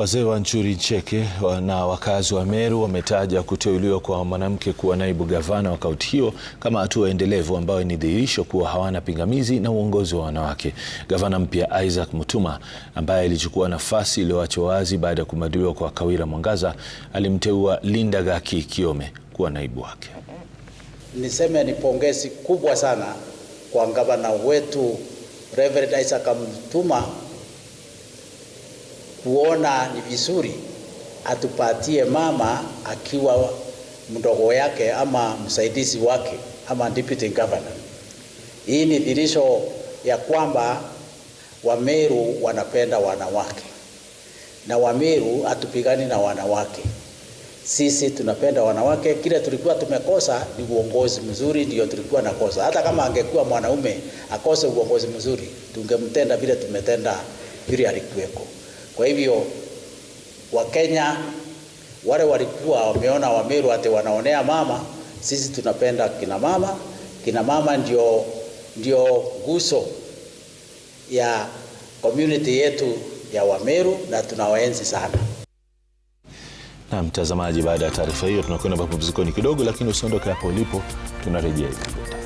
Wazee wa nchuri Ncheke na wakazi wa Meru wametaja kuteuliwa kwa mwanamke kuwa naibu gavana wa kaunti hiyo kama hatua endelevu ambayo ni dhihirisho kuwa hawana pingamizi na uongozi wa wanawake. Gavana mpya Isaac Mutuma ambaye alichukua nafasi iliyoachwa wazi baada ya kumadiwa kwa Kawira Mwangaza alimteua Linda Gaki Kiome kuwa naibu wake. Niseme ni pongezi kubwa sana kwa gavana wetu Reverend Isaac Mutuma kuona ni vizuri atupatie mama akiwa mdogo yake ama msaidizi wake ama deputy governor. Hii ni dhirisho ya kwamba Wameru wanapenda wanawake na Wameru hatupigani na wanawake. Sisi tunapenda wanawake. Kile tulikuwa tumekosa ni uongozi mzuri, ndio tulikuwa nakosa. Hata kama angekuwa mwanaume akose uongozi mzuri, tungemtenda vile tumetenda yule alikuweko. Kwa hivyo Wakenya wale walikuwa wameona Wameru ati wanaonea mama, sisi tunapenda kina mama. Kina mama ndio, ndio nguso ya community yetu ya Wameru na tunawaenzi sana. Na mtazamaji, baada ya taarifa hiyo tunakwenda mapumzikoni kidogo, lakini usiondoke hapo ulipo, tunarejea